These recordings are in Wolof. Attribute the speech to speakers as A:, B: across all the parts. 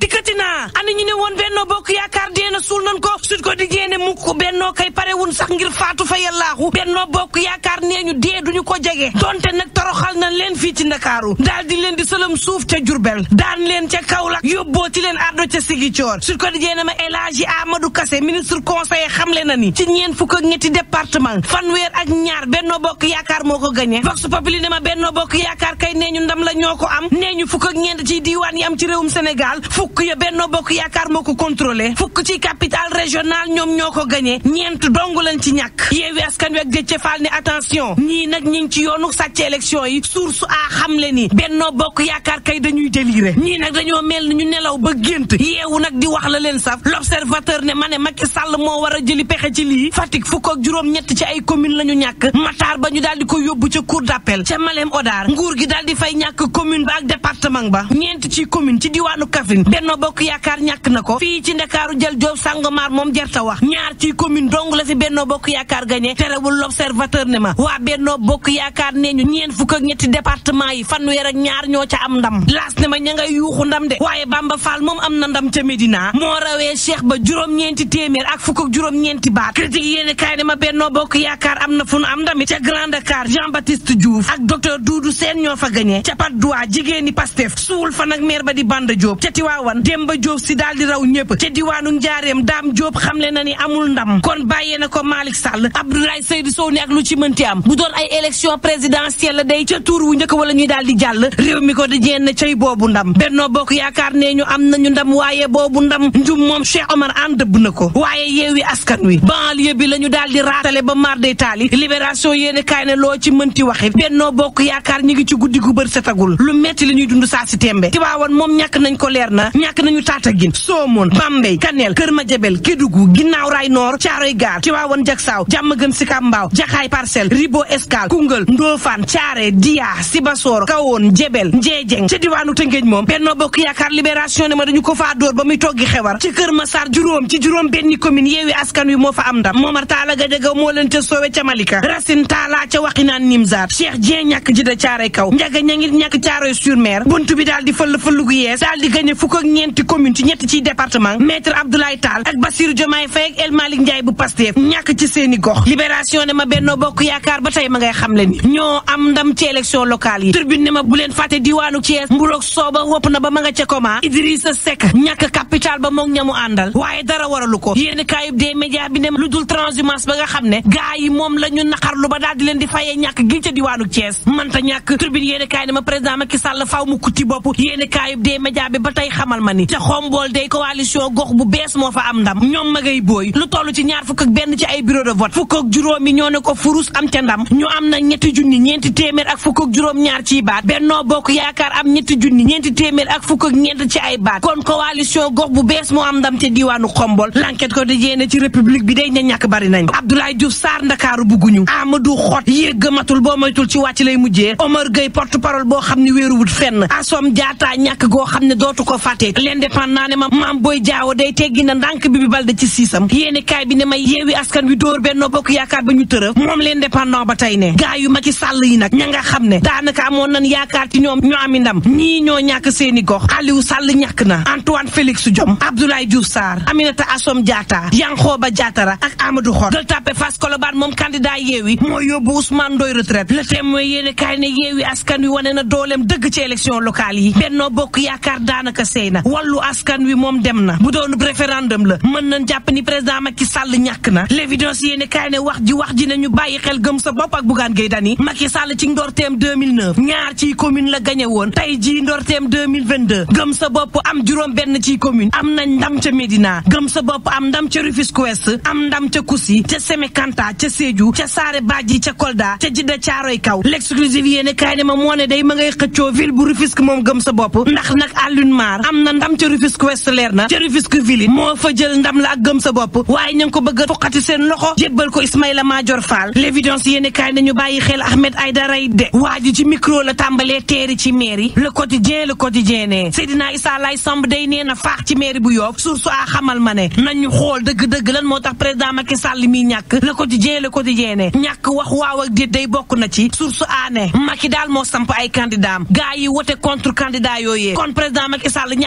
A: dikkati naa ana ñu ne woon Benno Bokk Yaakaar dee na suul nañ ko Sud Quotidien ne mukk Benno kay pare wun sax ngir faatu fa yàllaaxu Benno Bokk Yaakaar nee ñu dee duñu ko jege donte nag toroxal nañ leen fii ci Ndakaaru daal di leen di sëlëm suuf ca Jurbel daan leen ca yóbboo ci leen ardo ca Sigicoor Sud Quotidien ne ma El Hadji Amadou Kassé ministre conseiller xamle na ni ci ñeen fukk ak ñetti département fanweer ak ñaar Benno Bokk Yaakaar moo ko gagné Vox Populi ne ma Benno Bokk Yaakaar kay nee ñu ndam la ñoo ko am nee fukk ak ñeent ci yi am ci réewum Sénégal fukk ya Benno Bokk Yaakaar moo ko contrôlé fukk ci capital régional ñoom ñoo ko gañe ñeent dong lañ ci ñàkk Yewwi Askan Wi ak Déthié Fall ne attention ñii nag ñi ngi ci yoonu sàcc élection yi source a xamle ni Benno Bokk Yaakaar kay dañuy déliré ñii nag dañoo mel ni ñu nelaw ba gént yeewu nag di wax la leen saf l'observateur ne ma ne Macky Sall moo war a jëli pexe ci lii Fatick fukk ak juróom-ñett ci ay commune la ñu ñàkk Matar ba ñu daal di ko yóbbu ca cour d'appel ca Malem Odar nguur gi daal di fay ñàkk commune ba ak département ba ñeent ci commune ci diwaanu Kaffrine Benno Bokk Yaakaar ñàkk na ko fii ci Ndakaaru jël Diop Sangomar moom jarta wax ñaar ci commune dong la si Benno Bokk Yaakaar gagné terewul l'observateur ne ma waa Benno Bokk Yaakaar nee ñu ñeent fukk ak ñetti département yi fanweer ak ñaar ñoo ca am ndam laas ne ma ña ngay yuuxu ndam de waaye Bamba Fall moom am na ndam ca Médina moo rawee Cheikh ba juróom-ñeenti téeméer ak fukk juróom-ñeenti baat critique yéene kaay ne ma Benno Bokk Yaakaar am na fu nu am ndamit ca Grand Dakar Jean Baptiste Diouf ak docteur Doudou Sène ñoo fa gagné ca Patte d'Oie jigéeni Pastef suul fa nag maire di Banda Tiwaawan Demba Diop si daal di raw ñëpp ca diwaanu Njaareem Daam Diop xamle na ni amul ndam kon bàyyee na ko Malick Sall Abdoulaye Seydou Sow ni ak lu ci mënti am bu doon ay élection présidentielle day ca tuur wu njëkk wala ñuy daal di jàll réew di jeen cay boobu ndam Benno Bokk Yaakaar nee ñu am nañu ndam waaye boobu ndam njum moom Cheikh Omar Anne dëbb na ko waaye yeewi askan wi banlieue bi la ñu daal di raatale ba mar day taali libération yéene kaay ne loo ci mënti waxit Benno Bokk Yaakaar ñi ngi ci guddi gu bër setagul lu metti li ñuy dund saa si tembe Tiwaawan moom ñàkk nañ ko leer na ñàkk nañu Tataguine Somone Bambey Kanel Kër Madiabel Kédougou Ginnaaw Rail Nord Thiaroye Gare Tivaouane Diacksao Diamaguène Sicap Mbao Jaxaay Parcelles Ribot Escale Koungheul Ndofane Thiaré Dia Sibassor Kahone Diébel Ndiédiène ca diwaanu Tëngéej moom Benno Bokk Yaakaar Libération ne ma dañu ko faa dóor ba muy toggi xewar ci Kër Massar juróom ci juróom benni commune Yewwi Askan Wi moo fa am ndam Momar Talla Gadiaga moo leen ca soowe ca Malika Racine Talla ca Wakhinane Nimzaat Cheikh Dieng ñàkk ji Kaw Ndiaga ña ngir ñàkk Thiaroye sur Mer buntu ñeenti commune ci ñetti ciy département maître ak Bassirou Diomaye Faye El Malick Ndiaye bu Pastef ñàkk ci seeni gox libération ne ma bennoo bokk yaakaar ba tey ma ngay xam le ni ñoo am ndam ci élection locale yi turbine ma bu leen diwaanu Thiès mburoog sooba wopp na ba ma nga ca koma Idrissa Seck ñàkk capital ba moog ñamu àndal waaye dara waralu ko yéen kaayub des médias ne lu dul transhumance ba nga xam ne gaa yi moom la ñu ba daal leen di fayee ñàkk xamal ca xombool day coalition gox bu bees moo fa am ndam ñoom ma booy lu toll ci ñaar fukk benn ci ay bureau de vote fukk juróomi ñoo ne ko furus am ca ndam ñu am na ñetti junni ñeenti téeméer ak fukk ak juróom-ñaar ciy baat bennoo bokk yaakaar am ñetti junni ñeenti téeméer ak fukk ak ñeent ci ay baat kon coalition gox bu bees moo am ndam ca diiwaanu xombool l'enquête ko dajéene ci république bi day ña ñàkk bari nañ Abdoulaye Diouf Sarr ndakaaru bugguñu Amadou Xot yéggamatul boo moytul ci wàcc lay mujjee Omar Gueye porte parole boo xam ne wéeruwut fenn asom jaataa ñàkk goo xam teg l'indépendant ne ma maam booy jaawo day teggi na ndànk bi bi balde ci siisam yéeni kaay bi ne ma yeewi askan wi dóor bennoo bokk yaakaar ba ñu tërëf moom l'indépendant ba tey ne nga xam ne daanaka amoon nañ yaakaar ci ñoom ñoo ami ndam ñii ñoo ñàkk seeni gox Aliou Sall na Antoine Félix Diome Abdoulaye Diouf Sarr Aminata Assom Diatta Yankhoba Diattara ak Amadou Hott Gueule Tapée Fass Colobane moom candidat yeewi moo yóbbu Ousmane Ndoye retraite le témoin yéeni kaay ne yeewi askan wi wane yi bennoo bokk yaakaar daanaka seey doy na wàllu askan wi moom dem na bu doon référendum la mën nañ jàpp ni président Macky Sall ñàkk na l'évidence yéene kaay wax ji wax ji na ñu bàyyi xel gëm sa bopp ak Bougane Gueye Dany Macky Sall ci ndorteem 2009 ñaar ciy commune la gañe woon tey jii ndorteem 2022 gëm sa bopp am juróom benn ciy commune am nañ ndam ca Médina gëm sa bopp am ndam ca Rufisque Ouest am ndam ca Kousi ca Seme Kanta ca Sédhiou ca Saare Badji ca Kolda ca Djiddah Thiaroye Kaw l'exclusive yéene kaay ne ma moo day ma ngay xëccoo ville bu Rufisque moom gëm sa bopp ndax nag Alioune Mar am na ndam ca Rufisque Ouest leer na ca Rufisque Ville moo fa jël ndam la ak gëm sa bopp waaye ña ngi ko bëgg a foqati seen loxo jébbal ko Ismaïla Madior Fall l'évidence yéeni kaay nañu bàyyi xel Ahmed Aïdara yi de waa ci micro la tàmbalee teeri ci mairie le quotidien le quotidien ne Seydina Issa Samb day nee na faax ci mairie bu Yoff source a xamal ma ne nañu xool dëgg-dëgg lan moo tax président Macky Sall mi ñàkk le quotidien le quotidien ne ñàkk wax waaw ak day bokk na ci source a ne Macky daal moo samp ay candidat am yi wote contre candidat yooyee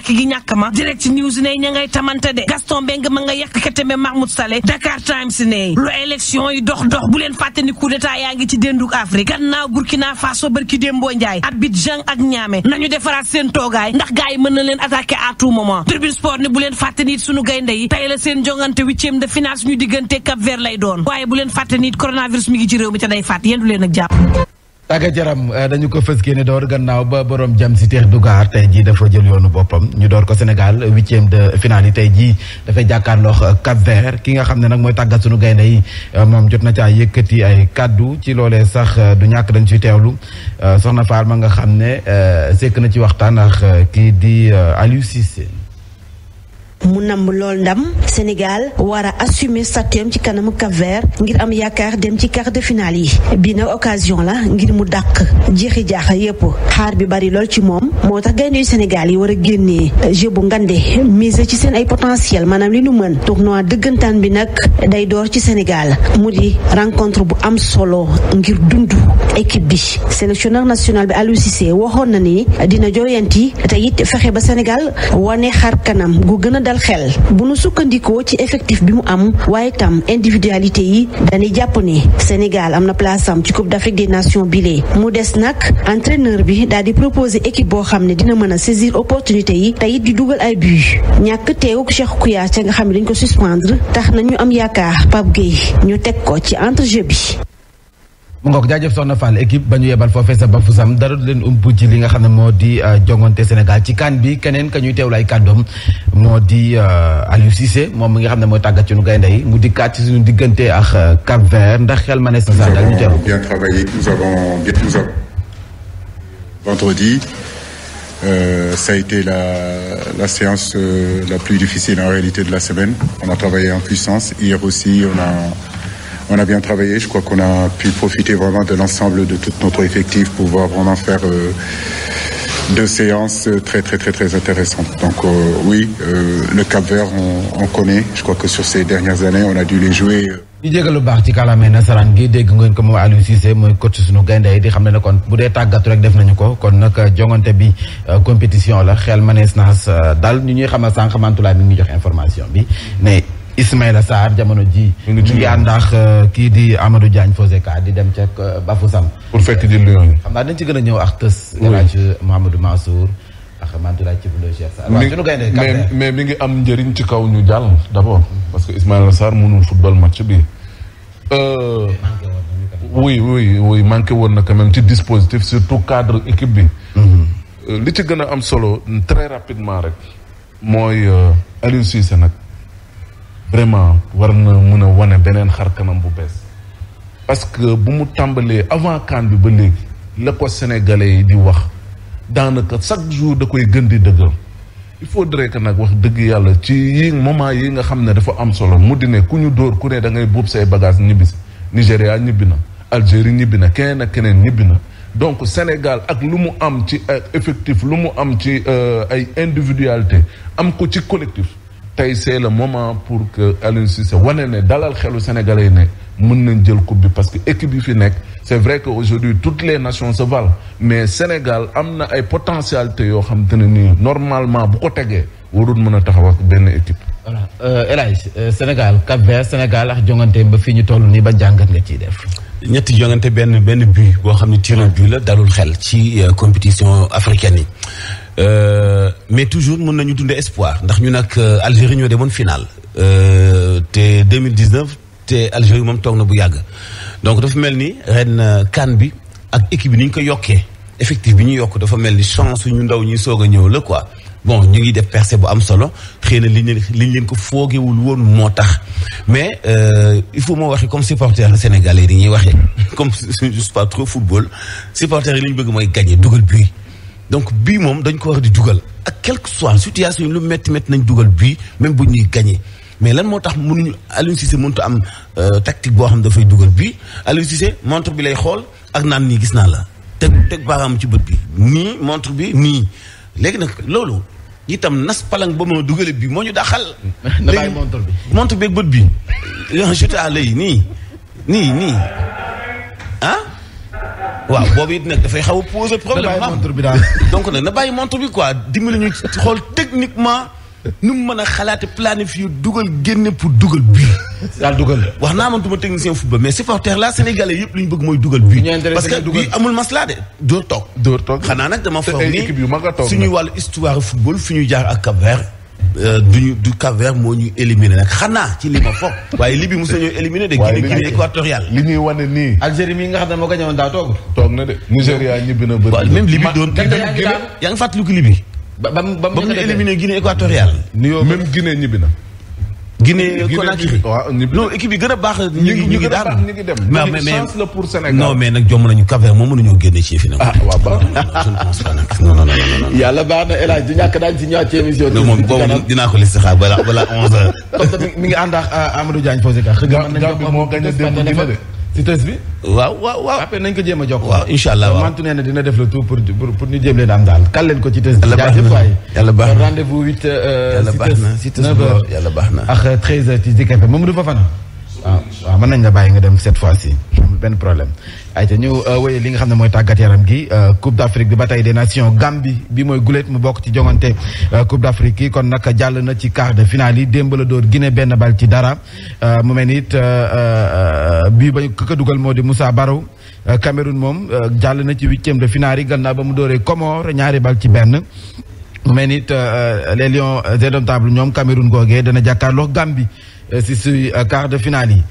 A: ñàkk gi ñàkk ma direct news ne ña ngay tamante de Gaston Mbengue ma nga yàq Kétembe Mahmoud Saleh Dakar Times ne lu élection yi dox dox bu leen fàtte ni coup d'état yaa ngi ci dénduk Afrique gannaaw Burkina Faso barki Dembo Ndiaye Abidjan ak Niamey nañu defaraat seen toogaay ndax gars yi mën na leen attaqué à Sport ne bu leen fàtte nit sunu gaynde yi tey la seen jongante huitième de finale suñu diggante Cap Vert lay doon waaye bu leen fàtte nit coronavirus mi ngi ci réew mi te day fàtt yéen leen ak jàpp
B: tàggat yaram eh, dañu ko fës ne door gannaaw ba borom jam si teex Dugar tey jii dafa jël yoonu boppam ñu door ko Sénégal huitième de finale yi tey jii dafay jàkkaarloog cap ki nga xam ne nag mooy tàggat sunu gaynde eh, moom jot na caa yëkkati ay kàddu ci loolee sax eh, du ñàkk dañu ciy teewlu soxna Fall ma nga xam ne sekk na ci waxtaan ak kii di Aliou Cissé.
A: mu namm lool ndam Sénégal war a assumer statuam ci kanamu Cap-Vert ngir am yaakaar dem ci quart de finale yi bii na occasion la ngir mu dàq jeexi jaaxa yépp xaar bi bari lool ci moom moo tax gaynde yu Sénégal yi war a génnee jeu bu ngande mise ci seen ay potentiel maanaam li nu mën tournoi dëggantaan bi nag day door ci Sénégal mu di rencontre bu am solo ngir dund équipe bi sélectionneur national bi Aliou Cissé waxoon na ni dina jooyanti te it fexe ba Sénégal wane xar dal bu nu sukkandikoo ci effectif bi mu am waaye tam individualité yi dañuy jàpp ni Sénégal am na place am ci Coupe d'Afrique des Nations bile mu des nag entraîneur bi daal di proposer équipe boo xam ne dina mën a saisir opportunité yi te it di dugal ay but ñàkk teewuk Cheikh Kouyaté nga xam ne dañ ko suspendre tax na ñu am yaakaar Pape
B: Gueye ñu teg ko ci entrejeu bi. mu ngook jaajëf soxna Fall équipe ba ñu yebal foofee sa bafu sam dara du leen ump ci li nga xam ne moo di euh, jongante Sénégal ci kan bi keneen ka ñuy teew ay kàddoom moo di euh, Aliou Cissé moom mi nga xam ne mooy tàggat ci nu gaynde yi mu dikkaat ci suñu diggante ak euh, Cap Vert ndax xel ma ne sa ak ñu teewlu.
C: bien travaillé nous avons bien nous avons vendredi euh, ça a été la la séance euh, la plus difficile en réalité de la on a bien travaillé. Je crois qu'on a pu profiter de l'ensemble de tout notre effectif pour pouvoir vraiment faire euh, deux séances euh, très très intéressantes. Donc euh, oui, euh, le Cap Vert, on, connaît. Je crois que sur ces dernières années, on a dû les jouer.
B: di jégalu baax ci kàllaamay nasaraan gi dégg ngeen ko moom Aliou Cissé mooy coach suñu gaynde yi di xam ne ne kon bu dee tàggatu rek def nañu ko kon nag jongante bi compétition la xel manees naas daal ñu ñuy xamal sànq Mantoulaye mi ngi jox information bi Ismaïla Sarr jamono ji mi ngi ndax euh, kii di Amadou Diagne Foseka di dem ca euh, Bafoussam.
C: pour fekk di Lyon.
B: xam naa dañ ci gën a ñëw ak tës. El Hadj Mouhamadou Mansour. ak Mantoulaye ci bu Cheikh mais
C: mais mi ngi am njëriñ ci kaw ñu jàll d' abord. parce que Ismaïla Sarr mënul football match bi. Euh, oui oui oui manqué woon na quand même ci dispositif surtout cadre équipe bi. Mhm. li ci gën a am solo très rapidement rek. mooy Aliou Cissé nag. vraiment war na mën a wane beneen xar kanam bu bees parce que bu mu tàmbalee avant CAN bi ba léegi la ko sénégalais yi di wax daanaka chaque jour da koy gën di dëggal il faudrait que nag wax dëgg yàlla ci yi moment yi nga xam ne dafa am solo mu di ne ku ñu dóor ku ne da ngay buub say bagage ñibbisi Nigéria ñibbi na Algérie ñibbi na keneen ak keneen ñibbi na donc Sénégal ak lu mu am ci effectif lu mu am ci euh, ay individualité am ko ci collectif tey c'est la moment pour que Aliou Cissé wane ne dalal xelu Sénégalais yi ne mën nañ jël coupe bi parce que équipe yi fi nekk c'est vrai que aujourd'hui toutes les nations se valent mais Sénégal am na ay potentialité yoo xam te ne nii normalement bu ko tegee warul mën a taxaw ak benn équipe.
B: voilà euh, euh, Sénégal Cap-Vert Sénégal ak jongante ba fii ñu toll nii ba jàngat nga ciy def.
D: ñetti jongante benn benn but boo xam ne tirage but la dalul xel ci euh, compétition africaine yi. Euh, mais toujours mën nañu dundee espoir ndax ñu nag euh, Algérie ñoo demoon final euh, te deux mille 2019 te Algérie moom toog na bu yàgg donc dafa mel ni ren CAN bi ak équipe bi ni ñu ko yokkee effective bi ñu yokk dafa mel ni chance ñu ndaw ñu soog a ñëw la quoi bon ñu ngi def percée bu am solo xëy na liñ leen liñ leen ko foogewul woon moo tax mais il faut moo waxee comme supporter la Sénégalais yi dañuy waxee comme je ne sais pas trop football supporter yi li bëgg mooy gagner dugal donc bii moom dañ ko war di dugal ak quelque soit situation yi lu métti métti nañ dugal bii même bu ñuy gagné mais lan moo tax mënuñu ñu Cissé mënut am euh, tactique boo xam dafay dugal bii Aliou montre bi lay xool ak naan nii gis naa la teg teg baaraam ci bët bi nii montre bi nii léegi nag loolu itam nas palang ba ma dugale bii moo ñu daxal. na bàyyi montre bi montre beeg bët bi. yoo xam nii nii nii ah? waaw boobu it nag dafay xaw a poser problème ah. donc nag na bàyyi montre bi quoi dimbali ñu xool techniquement nu mu mën a xalaate planifier dugal génne pour dugal bi daal dugal wax naa man duma technicien football mais supporter la sénégalais yëpp li ñu bëgg mooy dugal bi parce que bi amul maslaa de dóor toog dóor toog xanaa nag dama foog ni suñuy wàllu histoire football fi ñuy jaar ak cap duñu euh, du cap moo ñu éliminé nag xanaa ci li ma foog. waaye Libye mos nañoo éliminer de. waaye Guinée équatoriale. li ñuy wane nii. Algérie mi nga xam ne moo gañe woon daa toog. toog na de Nigéria
C: ñibbi na bëri. waaw même Libye doon
D: yaa ngi fàttaliku Libye. ba ba mu ñu éliminé Guinée équatoriale. même gine ñibbi na. Guinée Conakry waaw non équipe gën a baax. ñu ngi ñu ngi daan ñu ngi
C: dem. mais mais chance la
D: pour Sénégal. non mais nag jom nañu Cap-Vert moom mënuñoo génne ci fi nag. Ah, waaw baax na je ne pense pas nag.
B: si ñëwaat ci émission
D: bi. moom dinaa ko lissi xaar balaa balaa 11
B: ngi ànd ak euh, Amadou Diagne Fosika. xëy na mën gi moo gàncax gi moo gàncax gi si tës waaw waaw waaw après nañ ko jéem a jokk. waaw allah waaw mantu nee dina def le tout pour pour ñu jéem leen am daal. kal ko ci tës bi jaajëf waay. yàlla baax na rendez vous huit. Euh, yàlla baax na si tës 9h yàlla baax na ak 13h mën nañ la bàyyi nga dem cette fois si benn problème ayca ñu euh, wéye li nga xam ne mooy tàggat yaram gi euh, coupe d' bi ba tey des nations Gambie bi mooy guléet mu bokk ci jongante euh, coupe d' afrique kon nag jàll na ci quart de finale yi démb la Guinée benn bal ci dara mu mel ni it bii ba ka dugal moo di Moussa baru Cameroun moom jàll na ci huitième de finale yi gannaaw ba mu dóoree Comores ñaari bal ci benn mu mel ni les lions indomptables ñoom Cameroun googee dana jàkkaarloo Gambie si suy quart de finale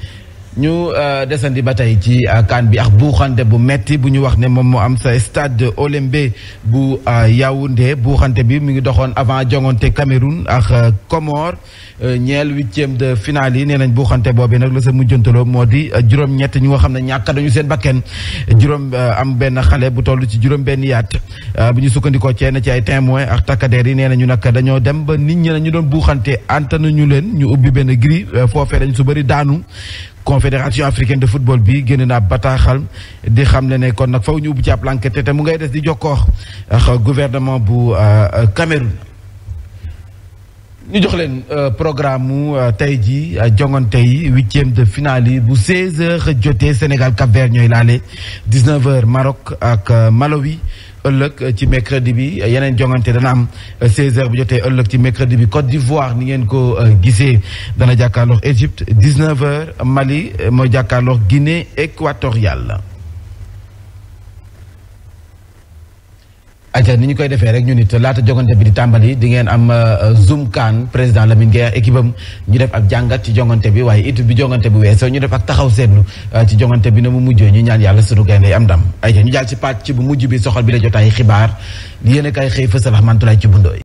B: ñu euh, desandi ba tey ci euh, kaan bi ak buuxante bu metti bu ñu wax ne moom moo am sa stade Olembe bu euh, Yaoundé buuxante bi mu ngi doxoon avant jongante Cameroun ak Comores ñeel huitième de finale yi nee nañ buuxante boobu nag la sa mujjantaloo moo di juróom-ñett ñi nga xam ne ñàkk dañu seen bakken juróom am benn xale bu toll ci juróom-benn yaat bu ñu sukkandikoo ceen ci ay témoins ak takkadeer yi nee nañu nag dañoo dem ba nit ñi ñu doon buuxante anta nañu leen ñu ubbi benn gri foofee dañ su bëri daanu confédération africaine de football bi génn naa bataaxal di xam ne ne kon nag foo ñu ubbi ci ab enquête te mu ngay des di jokkoo ak gouvernement bu euh, euh, Cameroun ñu jox leen euh, programme mu tey jii jongante yi huitième de finale yi bu 16 heures jotee Sénégal Cap-Vert ñooy laale 19 heures Maroc ak Malawi ëllëg ci mercredi bi yeneen jongante dana am 16 euh, bu jotee ëllëg ci mercredi bi Côte d'Ivoire ni ngeen ko euh, gisee dana jàkkaarloog Égypte 19h Mali euh, mooy jàkkaarloog Guinée équatoriale. ayca ni ñu koy defee rek ñu nit laata jongante bi di tàmbali di ngeen am euh, zoom kan président Lamine Gueye équipe am ñu def ak jàngat ci jongante bi waaye it bi jongante bu weesoo ñu def ak taxaw seetlu euh, ci jongante bi na mu mujjee ñu ñaan yàlla sunu gaynde am ndam ayca ñu jàll ci pàcc bu mujj bi soxal bi la jotaay xibaar yéen a kaay xëy fësal Rahmatoulaye ci bundooy